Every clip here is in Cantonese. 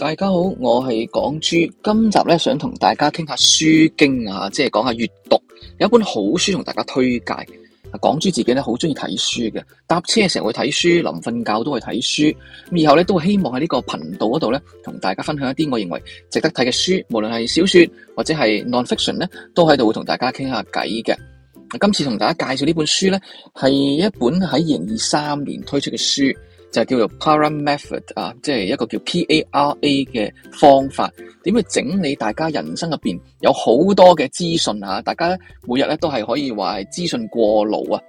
大家好，我係港豬，今集咧想同大家傾下書經啊，即係講下閱讀，有一本好書同大家推介。港豬自己咧好中意睇書嘅，搭車嘅時候會睇書，臨瞓覺都會睇書。咁以後咧都希望喺呢個頻道嗰度咧，同大家分享一啲我認為值得睇嘅書，無論係小說或者係 nonfiction 咧，都喺度會同大家傾下偈嘅。今次同大家介紹呢本書咧，係一本喺二零二三年推出嘅書。就叫做 Para Method 啊，即係一個叫 Para 嘅方法，點去整理大家人生入邊有好多嘅資訊，大家每日咧都係可以話係資訊過勞啊！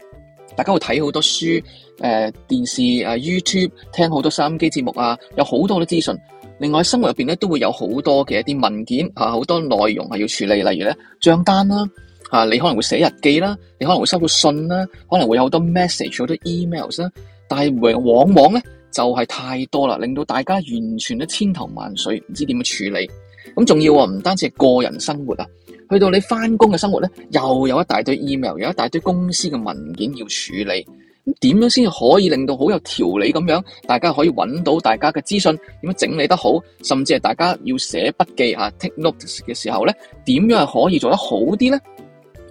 大家會睇好多書，誒，呃，電視，誒，YouTube，聽好多收音機節目啊，有好多嘅資訊。另外生活入邊咧都會有好多嘅一啲文件嚇，啊，好多內容係要處理，例如咧帳單啦、啊，你可能會寫日記啦，你可能會收到信啦、啊，可能會有好多 message 好多 emails 啦。但係往往咧就係，是，太多啦，令到大家完全都千頭萬緒，唔知點樣處理。咁仲要啊，唔單止係個人生活啊，去到你翻工嘅生活咧，又有一大堆 email，有一大堆公司嘅文件要處理。咁點樣先可以令到好有條理咁樣，大家可以揾到大家嘅資訊，點樣整理得好，甚至係大家要寫筆記啊 take notes 嘅時候咧，點樣係可以做得好啲咧？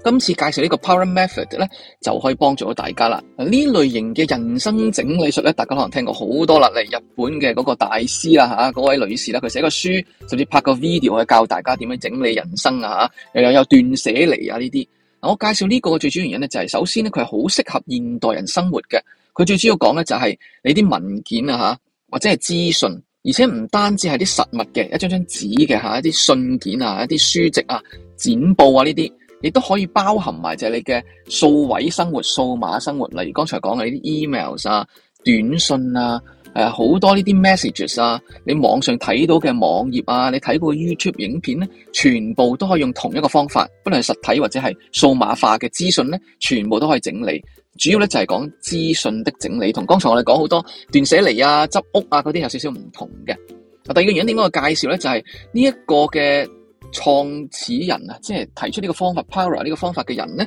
今次介紹呢個 PARA Method 呢，就可以幫助到大家啦！呢類型嘅人生整理術呢，大家可能聽過好多啦，嚟日本嘅嗰個大師啊，那嗰位女士啦，佢寫個書，甚至拍個 video 去教大家點樣整理人生啊！又有斷捨離啊呢啲。我介紹呢個最主要原因呢，就係，就係首先呢，佢係好適合現代人生活嘅。佢最主要講嘅就係你啲文件啊，或者係資訊，而且唔單止係啲實物嘅，一張張紙嘅，一啲信件啊，一啲書籍啊、剪報啊呢啲。這些亦都可以包含埋就係你嘅數位生活、數碼生活，例如剛才講嘅呢啲 emails 啊、短信啊、誒好多呢啲 messages 啊，你網上睇到嘅網頁啊，你睇過 YouTube 影片咧，全部都可以用同一個方法，不論係實體或者係數碼化嘅資訊咧，全部都可以整理。主要咧就係講資訊的整理，同剛才我哋講好多斷捨離啊、執屋啊嗰啲有少少唔同嘅。第二個原因點解我介紹咧，就係呢一個嘅。創始人啊，即係提出呢個方法 PARA 呢個方法嘅人咧，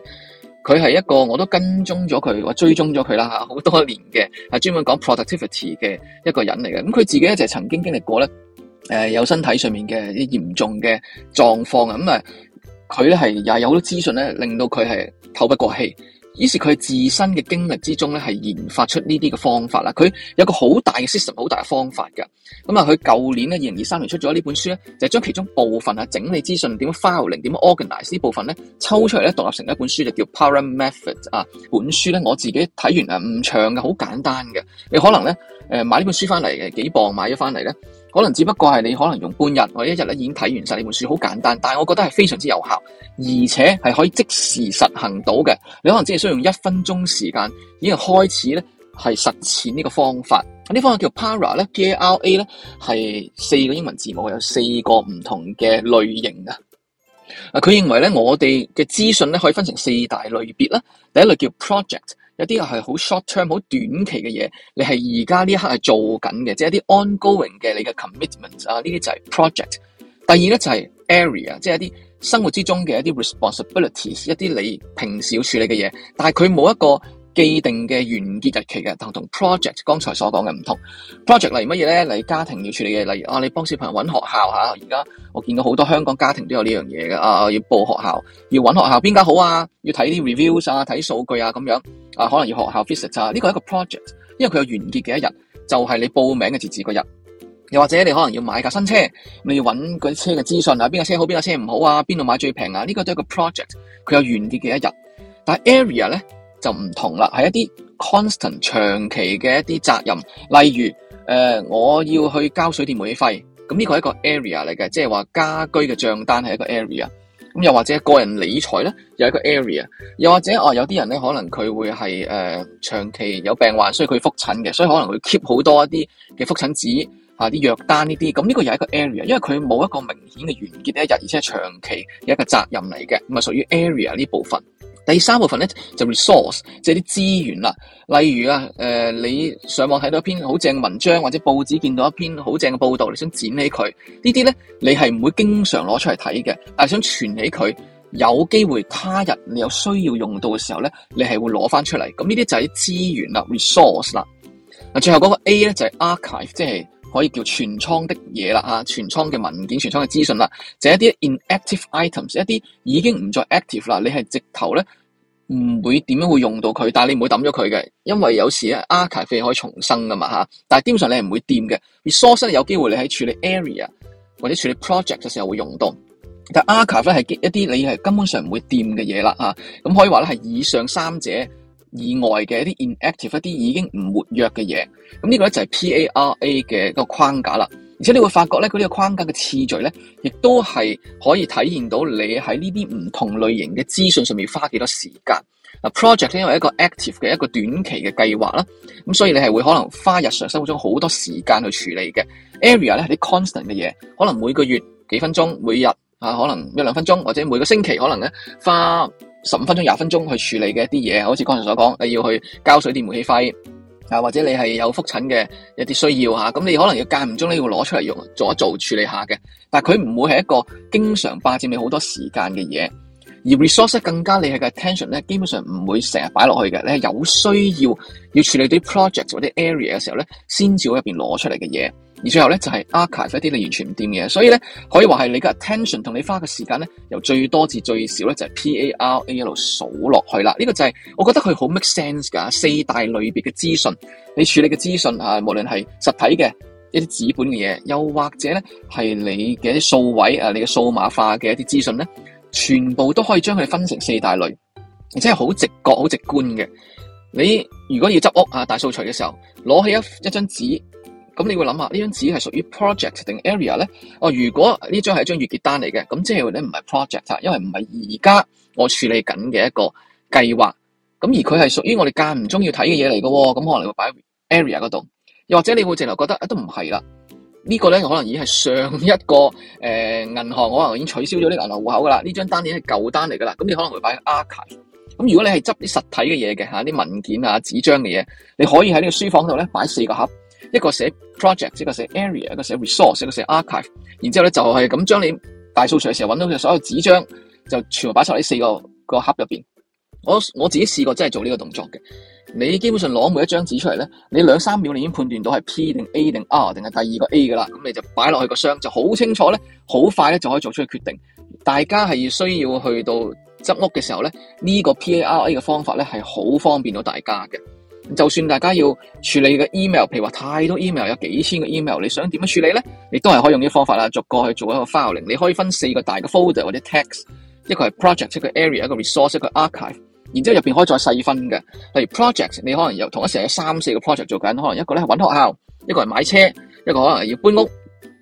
佢係一個我都跟蹤咗佢，我追蹤咗佢啦嚇，好多年嘅，係專門講 Productivity 嘅一個人嚟嘅。咁、嗯、佢自己咧就係曾經經歷過咧，誒、呃、有身體上面嘅嚴重嘅狀況啊。咁、嗯、啊，佢咧係又有好多資訊咧，令到佢係透不過氣。於是佢自身嘅經歷之中咧，係研發出呢啲嘅方法啦。佢有個好大嘅 system，好大嘅方法噶。咁啊，佢舊年咧，二零二三年出咗呢本書咧，就係將其中部分啊整理資訊點樣 filing，點樣 organize 呢部分咧抽出嚟咧，獨立成一本書就叫 PARA Method 啊。本書咧，我自己睇完啊，唔長嘅，好簡單嘅。你可能咧，誒買呢本書翻嚟嘅幾磅買咗翻嚟咧。可能只不過係你可能用半日，我一日咧已經睇完晒呢本書，好簡單，但係我覺得係非常之有效，而且係可以即時實行到嘅。你可能只需要用一分鐘時間，已經開始咧係實踐呢個方法。呢方法叫 Para 咧，P A R A 咧係四個英文字母，有四個唔同嘅類型啊。啊，佢認為咧，我哋嘅資訊咧可以分成四大類別啦。第一類叫 Project。有啲又係好 short term、好短期嘅嘢，你係而家呢一刻係做緊嘅，即係一啲 ongoing 嘅你嘅 commitment 啊，呢啲就係 project。第二咧就係 area，即係一啲生活之中嘅一啲 responsibilities，一啲你平時要處理嘅嘢，但係佢冇一個既定嘅完結日期嘅，同同 project 剛才所講嘅唔同。project 例如乜嘢咧？例如家庭要處理嘅，例如啊，你幫小朋友揾學校吓。啊，而家我見到好多香港家庭都有呢樣嘢嘅，啊，要報學校，要揾學校邊間好啊，要睇啲 reviews 啊，睇數據啊，咁樣啊，可能要學校 visit 啊。呢個係一個 project，因為佢有完結嘅一日，就係你報名嘅截止嗰日。又或者你可能要買架新車，你要揾嗰啲車嘅資訊啊，邊架車好，邊架車唔好啊，邊度買最平啊？呢個都係一個 project，佢有完結嘅一日。但係 area 咧，就唔同啦，係一啲 constant 長期嘅一啲責任，例如誒、呃、我要去交水電煤費，咁呢個係一個 area 嚟嘅，即係話家居嘅賬單係一個 area。咁又或者個人理財咧，又一個 area。又或者哦、呃，有啲人咧可能佢會係誒、呃、長期有病患，所以佢要復診嘅，所以可能佢 keep 好多一啲嘅復診紙啊啲藥單呢啲。咁呢個又係一個 area，因為佢冇一個明顯嘅完結一日，而且長期有一個責任嚟嘅，咁係屬於 area 呢部分。第三部分呢，就 resource，即係啲資源啦。例如啊，誒、呃，你上網睇到一篇好正嘅文章，或者報紙見到一篇好正嘅報道，你想剪起佢呢啲呢，你係唔會經常攞出嚟睇嘅，但係想傳起佢，有機會他日你有需要用到嘅時候呢，你係會攞返出嚟。咁呢啲就係啲資源啦，resource 啦。最後嗰個 A 咧就係 archive，即係可以叫全倉的嘢啦吓，存倉嘅文件、全倉嘅資訊啦，就係一啲 inactive items，一啲已經唔再 active 啦，你係直頭咧唔會點樣會用到佢，但係你唔會抌咗佢嘅，因為有時咧 archive 可以重生噶嘛吓，但基本上你係唔會掂嘅 resource，有機會你喺處理 area 或者處理 project 嘅時候會用到，但 archive 咧係一啲你係根本上唔會掂嘅嘢啦吓，咁可以話咧係以上三者。意外嘅一啲 inactive 一啲已經唔活躍嘅嘢，咁呢個咧就係 PARA 嘅一個框架啦。而且你會發覺咧，佢、這、呢個框架嘅次序咧，亦都係可以體現到你喺呢啲唔同類型嘅資訊上面花幾多少時間。間、啊。project 咧因為一個 active 嘅一個短期嘅計劃啦，咁所以你係會可能花日常生活中好多時間去處理嘅 area 咧係啲 constant 嘅嘢，可能每個月幾分鐘，每日啊可能一兩分鐘，或者每個星期可能咧花。十五分鐘、廿分鐘去處理嘅一啲嘢，好似剛才所講，你要去交水電煤氣費，啊或者你係有覆診嘅一啲需要吓，咁你可能要間唔中你要攞出嚟用，做一做處理下嘅。但係佢唔會係一個經常霸佔你好多時間嘅嘢，而 resource 更加你係嘅 attention 咧，基本上唔會成日擺落去嘅。你係有需要要處理啲 project 或者 area 嘅時候咧，先至喺入面攞出嚟嘅嘢。而最後咧就係、是、archive 一啲你完全唔掂嘅，所以咧可以話係你嘅 attention 同你花嘅時間咧由最多至最少咧就係、是、PARA 一路數落去啦。呢、這個就係、是、我覺得佢好 make sense 㗎。四大類別嘅資訊，你處理嘅資訊啊，無論係實體嘅一啲紙本嘅嘢，又或者咧係你嘅一啲數位啊，你嘅數碼化嘅一啲資訊咧，全部都可以將佢分成四大類，而且係好直覺好直觀嘅。你如果要執屋啊大掃除嘅時候，攞起一一張紙。咁你會諗下呢張紙係屬於 project 定 area 咧？哦，如果呢張係一張月結單嚟嘅，咁即係你唔係 project 啊，因為唔係而家我處理緊嘅一個計劃。咁而佢係屬於我哋間唔中要睇嘅嘢嚟嘅喎。咁可能會擺 area 嗰度，又或者你會直頭覺得啊，都唔係啦。這個、呢個咧可能已經係上一個誒銀行，我可能已經，、呃、能已經取消咗呢銀行戶口噶啦。呢張單已經係舊單嚟噶啦。咁你可能會擺 archive。咁如果你係執啲實體嘅嘢嘅吓啲文件啊、紙張嘅嘢，你可以喺呢個書房度咧擺四個盒。一個寫 project，一個寫 area，一個寫 resource，一個寫 archive。然之後咧，就係咁將你大掃除嘅時候揾到嘅所有紙張，就全部擺晒喺四個個盒入邊。我我自己試過真係做呢個動作嘅。你基本上攞每一張紙出嚟咧，你兩三秒你已經判斷到係 P 定 A 定 R 定係第二個 A 噶啦。咁你就擺落去個箱，就好清楚咧，好快咧就可以做出個決定。大家係需要去到執屋嘅時候咧，呢個 P A R A 嘅方法咧係好方便到大家嘅。就算大家要處理嘅 email，譬如話太多 email，有幾千個 email，你想點樣處理咧？你都係可以用啲方法啦，逐個去做一個 filing。你可以分四個大嘅 folder 或者 tag，一個係 project，一個 area，一個 resource，一個 archive。然之後入面可以再細分嘅，例如 project，你可能有同一時有三、四個 project 做緊，可能一個咧係揾學校，一個係買車，一個可能要搬屋，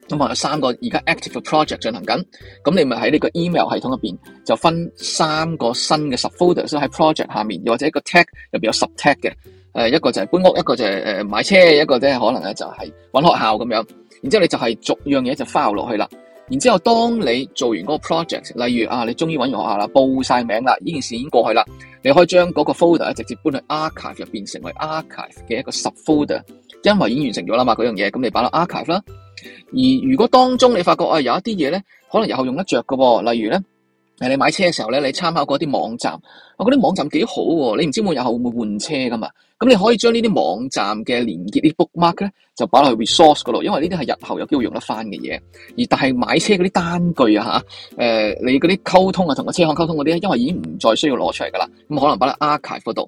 咁嘛有三個而家 active 嘅 project 進行緊。咁你咪喺你個 email 系統入面就分三個新嘅 subfolder，所以喺 project 下面，又或者一個 tag 入面有 sub tag 嘅。誒，一個就係搬屋，一個就係誒買車，一個可能咧就係搵學校咁樣。然之後你就係逐樣嘢就 file 落去啦。然之後當你做完嗰個 project，例如啊，你終於搵完學校啦，報晒名啦，呢件事已經過去啦，你可以將嗰個 folder 直接搬去 archive 入邊，成為 archive 嘅一個 sub folder，因為已經完成咗啦嘛，嗰樣嘢，咁你擺落 archive 啦。而如果當中你發覺啊有一啲嘢咧，可能日後用得着喎，例如咧。你買車嘅時候咧，你參考嗰啲網站，我覺得網站幾好喎。你唔知每日後會唔會換車噶嘛？咁你可以將呢啲網站嘅連結啲、這個、bookmark 咧，就擺落去 resource 嗰度，因為呢啲係日後有機會用得翻嘅嘢。而但係買車嗰啲單據啊，嚇、呃，你嗰啲溝通啊，同個車行溝通嗰啲，因為已經唔再需要攞出嚟噶啦，咁可能擺落 archive 嗰度。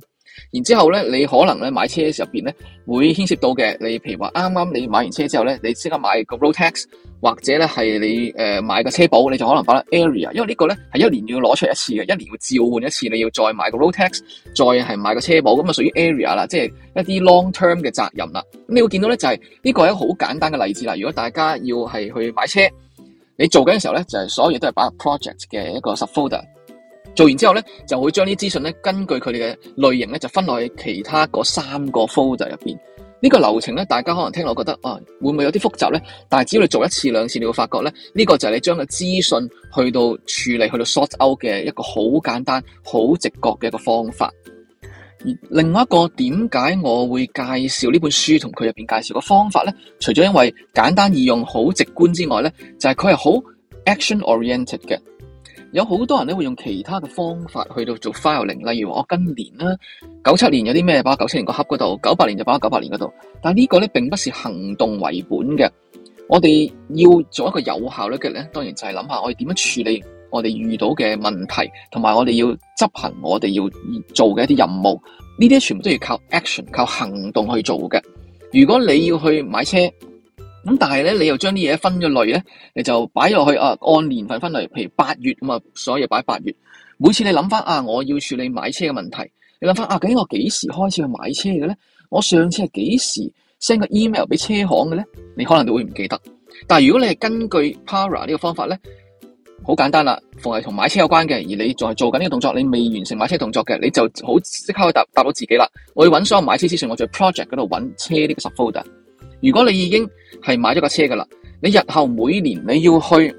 然之後咧，你可能咧買車嘅時候入邊咧，會牽涉到嘅，你譬如話啱啱你買完車之後咧，你即刻買個 road tax，或者咧係你誒、呃、買個車保，你就可能擺喺 area，因為呢個咧係一年要攞出一次嘅，一年要召喚一次，你要再買個 road tax，再係買個車保，咁啊屬於 area 啦，即、就、係、是、一啲 long term 嘅責任啦。咁你會見到咧就係、是、呢、這個係一個好簡單嘅例子啦。如果大家要係去買車，你做緊嘅時候咧就係、是、所有嘢都係擺喺 project 嘅一個，個 sub folder。做完之後呢，就會將啲資訊呢，根據佢哋嘅類型呢，就分落去其他嗰三個 folder 入邊。呢個流程呢，大家可能聽落覺得哦、啊，會唔會有啲複雜呢？但係只要你做一次兩次，你會發覺呢，呢個就係你將個資訊去到處理，去到 sort out 嘅一個好簡單、好直覺嘅一個方法。而另外一個點解我會介紹呢本書同佢入邊介紹嘅方法呢？除咗因為簡單易用、好直觀之外呢，就係佢係好 action oriented 嘅。有好多人咧會用其他嘅方法去到做 filing，例如我今年啦，九七年有啲咩擺喺九七年個盒嗰度，九八年就擺喺九八年嗰度。但係呢個咧並不是行動為本嘅，我哋要做一個有效率嘅咧，當然就係諗下我哋點樣處理我哋遇到嘅問題，同埋我哋要執行我哋要做嘅一啲任務，呢啲全部都要靠 action，靠行動去做嘅。如果你要去買車，咁但係咧，你又將啲嘢分咗類咧，你就擺落去啊，按年份分類，譬如八月咁啊，所有擺八月。每次你諗翻啊，我要處理買車嘅問題，你諗翻啊，究竟我幾時開始去買車嘅咧？我上次係幾時 send 個 email 俾車行嘅咧？你可能都會唔記得。但係如果你係根據 Para 呢個方法咧，好簡單啦，逢係同買車有關嘅，而你仲係做緊呢個動作，你未完成買車動作嘅，你就好即刻可以答到自己啦。我要搵所有買車資訊，我喺 project 嗰度搵車呢個 subfolder 如果你已經係買咗個車㗎喇，你日後每年你要去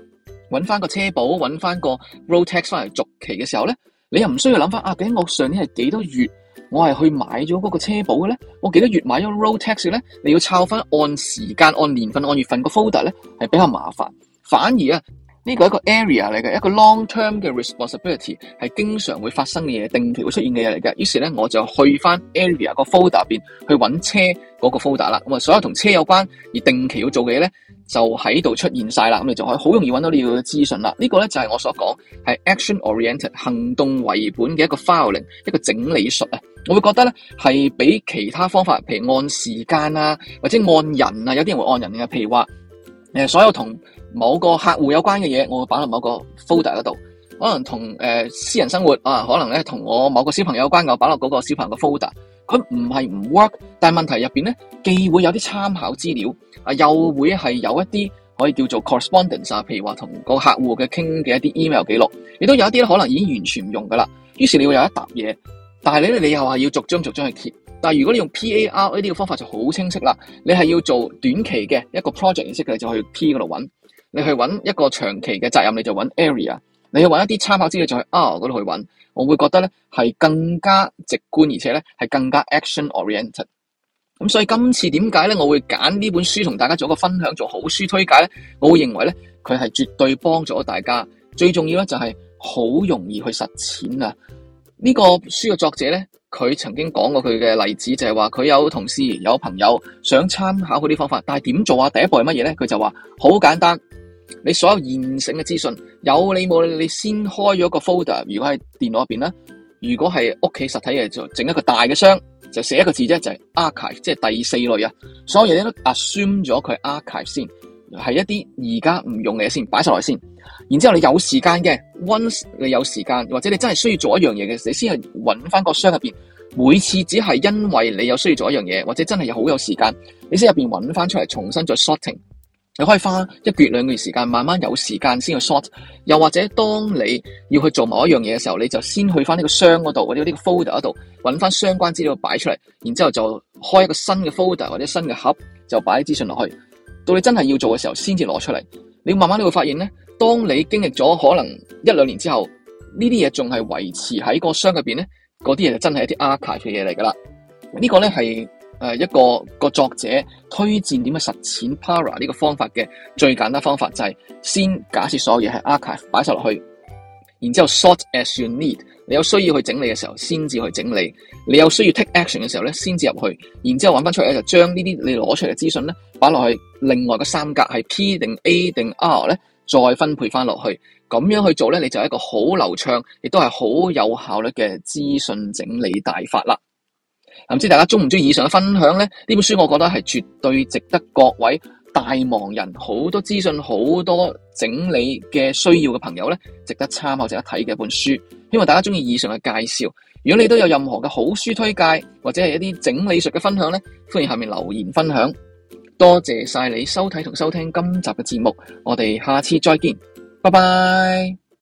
揾返個車保，揾返個 road tax 返嚟續期嘅時候呢，你又唔需要諗返啊，究竟我上年係幾多月我係去買咗嗰個車保嘅呢？我幾多月買咗 road tax 嘅呢？你要抄返按時間、按年份、按月份個 folder 呢，係比較麻煩。反而啊～呢、這個係一個 area 嚟嘅一個 long term 嘅 responsibility 係經常會發生嘅嘢，定期會出現嘅嘢嚟嘅。於是咧，我就去翻 area 個 folder 入邊去揾車嗰個 folder 啦。咁啊，所有同車有關而定期要做嘅嘢咧，就喺度出現晒啦。咁你就可以好容易揾到你要嘅資訊啦。這個、呢個咧就係、是、我所講係 action oriented 行動為本嘅一個 filing 一個整理術啊。我會覺得咧係比其他方法，譬如按時間啊，或者按人啊，有啲人會按人嘅、啊。譬如話所有同某個客戶有關嘅嘢，我會擺落某個 folder 嗰度。可能同、呃、私人生活啊，可能咧同我某個小朋友有關，我擺落嗰個小朋友嘅 folder。佢唔係唔 work，但係問題入面咧，既會有啲參考資料，啊又會係有一啲可以叫做 correspondence，、啊、譬如話同個客戶嘅傾嘅一啲 email 記錄，亦都有一啲咧可能已經完全唔用噶啦。於是你會有一沓嘢，但係你你又係要逐張逐張去貼。但係如果你用 PARA 呢啲嘅方法就好清晰啦，你係要做短期嘅一個 project 形式嘅，你就去 P 嗰度揾。你去揾一個長期嘅責任，你就揾 area；你去揾一啲參考資料，就去 R 嗰度去揾。我會覺得咧係更加直觀，而且咧係更加 action oriented。咁所以今次點解咧，我會揀呢本書同大家做一個分享，做好書推介咧，我會認為咧佢係絕對幫助大家。最重要咧就係好容易去實踐啊！呢個書嘅作者咧，佢曾經講過佢嘅例子，就係話佢有同事有朋友想參考佢啲方法，但係點做啊？第一步係乜嘢咧？佢就話好簡單。你所有現成嘅資訊有你冇你，你先開咗個 folder，如果喺電腦入邊啦；如果係屋企實體嘅，就整一個大嘅箱，就寫一個字啫，就係 archive，即係第四類啊。所有嘢都 assume 咗佢 archive 先，係一啲而家唔用嘅先擺晒落先。然之後你有時間嘅，once 你有時間，或者你真係需要做一樣嘢嘅時候，你先去搵翻個箱入邊。每次只係因為你有需要做一樣嘢，或者真係有好有時間，你先入邊搵翻出嚟，重新再 sorting。你可以花一個月兩個月時間，慢慢有時間先去 sort，又或者當你要去做某一樣嘢嘅時候，你就先去翻呢個箱嗰度或者呢個 folder 度，揾翻相關資料擺出嚟，然之後就開一個新嘅 folder 或者新嘅盒，就擺啲資訊落去。到你真係要做嘅時候，先至攞出嚟。你慢慢都會發現咧，當你經歷咗可能一兩年之後，呢啲嘢仲係維持喺個箱入邊咧，嗰啲嘢就真係一啲 archive 嘅嘢嚟噶啦。這個、呢個咧係。是一個一個作者推薦點去實踐 Para 呢個方法嘅最簡單方法就係先假設所有嘢係 Archive 擺曬落去，然之後 Sort as you need，你有需要去整理嘅時候先至去整理，你有需要 Take action 嘅時候咧先至入去，然之後揾翻出嚟，就將呢啲你攞出嚟嘅資訊咧擺落去另外嘅三格，係 P 定 A 定 R 咧再分配翻落去，咁樣去做咧，你就係一個好流暢，亦都係好有效率嘅資訊整理大法啦。唔知大家鍾唔鍾意以上嘅分享呢？呢本書我覺得係絕對值得各位大忙人、好多資訊、好多整理嘅需要嘅朋友咧，值得參考、值得睇嘅一本書。希望大家鍾意以上嘅介紹。如果你都有任何嘅好書推介或者係一啲整理術嘅分享咧，歡迎下面留言分享。多謝晒你收睇同收聽今集嘅節目，我哋下次再見，拜拜。